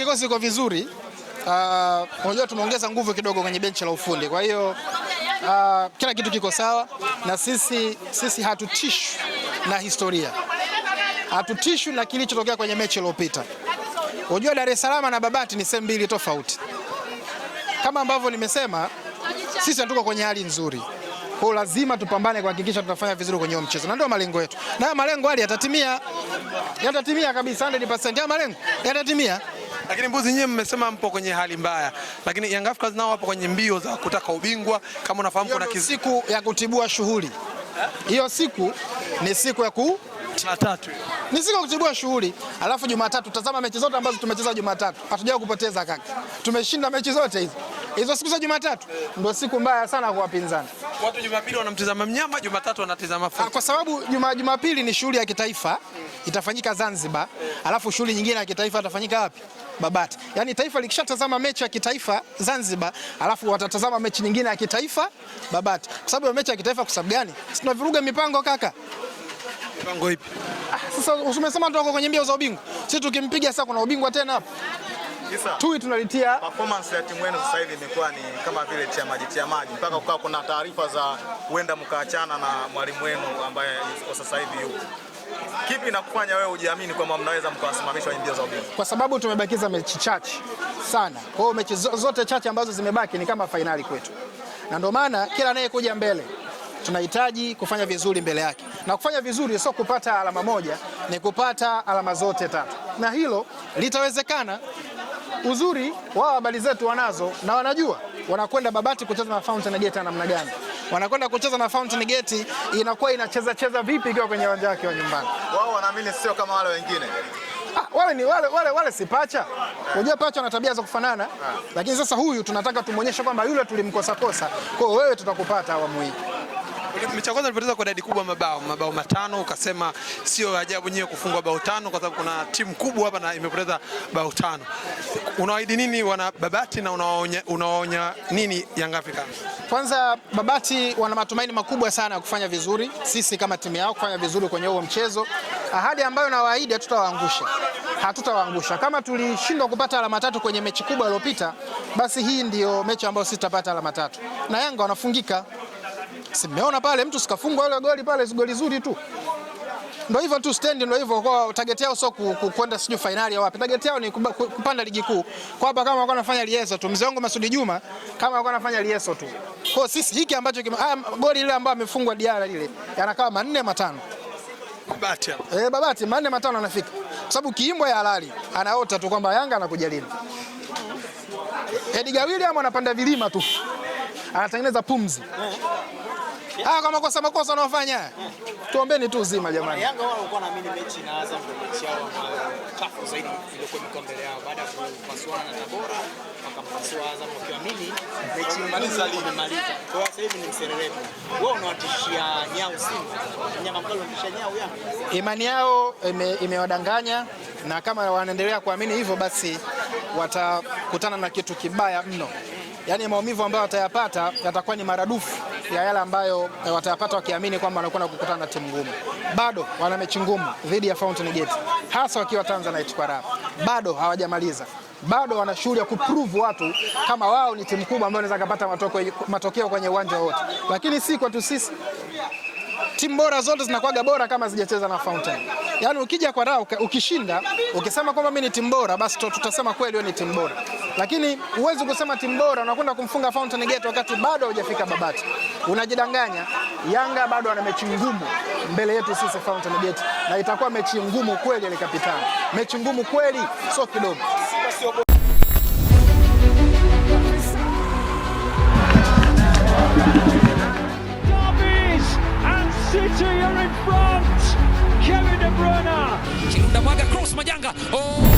kikosi kiko vizuri. Uh, unajua, tumeongeza nguvu kidogo kwenye benchi la ufundi, kwa hiyo uh, kila kitu kiko sawa, na sisi, sisi hatutishwi na historia, hatutishwi na kilichotokea kwenye mechi iliyopita. Unajua, Dar es Salaam na Babati ni sehemu mbili tofauti. Kama ambavyo nimesema, sisi hatuko kwenye hali nzuri, kwa lazima tupambane kuhakikisha tunafanya vizuri kwenye huo mchezo, na ndio malengo yetu, na malengo hali yatatimia, yatatimia kabisa 100%. Malengo yatatimia. Lakini mbuzi nyewe mmesema mpo kwenye hali mbaya, lakini Young Africans nao wapo kwenye mbio za kutaka ubingwa. Kama unafahamu kuna kiz... siku ya kutibua shughuli hiyo siku ni siku ya ku Jumatatu. Ni siku ya kutibua shughuli. Alafu Jumatatu tazama mechi zote ambazo tumecheza Jumatatu. Hatujao kupoteza kaka. Tumeshinda mechi zote hizo. Hizo siku za Jumatatu ndio siku mbaya sana kwa wapinzani. Watu Jumapili wanamtizama mnyama, Jumatatu wanatizama. Ah, kwa sababu Jumapili ni shughuli ya kitaifa itafanyika Zanzibar, alafu shughuli nyingine ya kitaifa itafanyika wapi? Babati. Yaani taifa likishatazama mechi ya kitaifa Zanzibar, alafu watatazama mechi nyingine ya kitaifa Babati. Kwa sababu ya mechi ya kitaifa kwa sababu gani? Si tunavuruga mipango kaka. Mipango ipi? Ah, sasa usimesema umesema tuko kwenye mbio za ubingwa. Sisi tukimpiga sasa kuna ubingwa tena hapo. Tui tunalitia performance ya timu yenu sasa hivi imekuwa ni kama vile tia maji tia maji, mpaka ukawa kuna taarifa za huenda mkaachana na mwalimu wenu ambaye kwa sasa hivi yuko Kipi na kufanya wewe ujiamini kwamba mnaweza mkawasimamisha mbio za ubingwa? Kwa sababu tumebakiza mechi chache sana, kwa hiyo mechi zote chache ambazo zimebaki ni kama fainali kwetu, na ndio maana kila anayekuja mbele tunahitaji kufanya vizuri mbele yake, na kufanya vizuri sio kupata alama moja, ni kupata alama zote tatu, na hilo litawezekana. Uzuri wao habari zetu wanazo na wanajua wanakwenda Babati kucheza na Fountain Gate namna gani wanakwenda kucheza na Fountain Gate, inakuwa inacheza cheza vipi ikiwa kwenye uwanja wake wa nyumbani? Wao wanaamini sio kama wale wengine. Ah, wale ni wale wale wale si pacha. Unajua pacha wana tabia za kufanana, ah. lakini sasa huyu tunataka tumuonyeshe kwamba yule tulimkosa kosa. Kwa hiyo wewe tutakupata awamu hii. Mechi ya kwanza ulipoteza kwa idadi kubwa mabao mabao matano, ukasema sio ajabu nyewe kufungwa bao tano, kwa sababu kuna timu kubwa hapa na imepoteza bao tano. Unawaahidi nini wana Babati na unawaonya unawaonya nini Young Africa? Kwanza, Babati wana matumaini makubwa sana ya kufanya vizuri, sisi kama timu yao kufanya vizuri kwenye huo mchezo. Ahadi ambayo nawaahidi, hatutawaangusha hatutawaangusha. Kama tulishindwa kupata alama tatu kwenye mechi kubwa iliyopita, basi hii ndio mechi ambayo sisi tutapata alama tatu, na Yanga wanafungika. Simeona pale mtu sikafungwa ile goli pale, goli zuri tu. Ndio hivyo tu, stand ndio hivyo, kwa target yao sio kwenda sijui finali au wapi. Target yao ni kupanda ligi kuu. Kwa hapa kama wako nafanya lieso tu, mzee wangu Masudi Juma kama wako nafanya lieso tu. Kwa sisi hiki ambacho kima, ah, goli lile ambalo amefungwa Diara lile yanakaa manne matano. Babati. Eh, Babati manne matano anafika. Kwa sababu kiimbo ya halali anaota tu kwamba Yanga anakuja lini. Edgar William anapanda vilima tu, anatengeneza pumzi Ah, kwa makosa makosa wanaofanya. Tuombeni tu uzima jamani. Yanga wao walikuwa naamini mechi na Azam ndio mechi yao chafu zaidi iliyokuwa imekaa mbele yao baada ya kupasuana na Tabora wakapasua Azam wakiamini mechi imaliza lini imaliza. Kwa sasa hivi ni mserereko. Wao unawatishia nyao Simba. Nyama mkali unatishia nyao Yanga. Imani yao imewadanganya na kama wanaendelea kuamini hivyo basi watakutana na kitu kibaya mno. Yaani maumivu ambayo watayapata yatakuwa ni maradufu ya yale ambayo eh, watayapata wakiamini kwamba wanakwenda kukutana na timu ngumu. Bado wana mechi ngumu dhidi ya Fountain Gate, hasa wakiwa Tanzanite kwa raha, bado hawajamaliza bado wana shughuli ya kuprove watu kama wao ni timu kubwa ambayo inaweza kupata matokeo kwenye uwanja wote, lakini si kwetu sisi. Timu bora zote zinakuwaga bora kama zijacheza na Fountain. Yaani ukija kwa raha ukishinda, ukisema kwamba mimi ni timu bora, basi tutasema kweli wewe ni timu bora, lakini huwezi kusema timu bora unakwenda kumfunga Fountain Gate wakati bado hujafika Babati unajidanganya. Yanga bado ana mechi ngumu mbele yetu sisi Fountain Gate, na itakuwa mechi ngumu kweli. Alikapitana mechi ngumu kweli, sio kidogo. City are in front. Kevin De Bruyne. Majanga. Oh.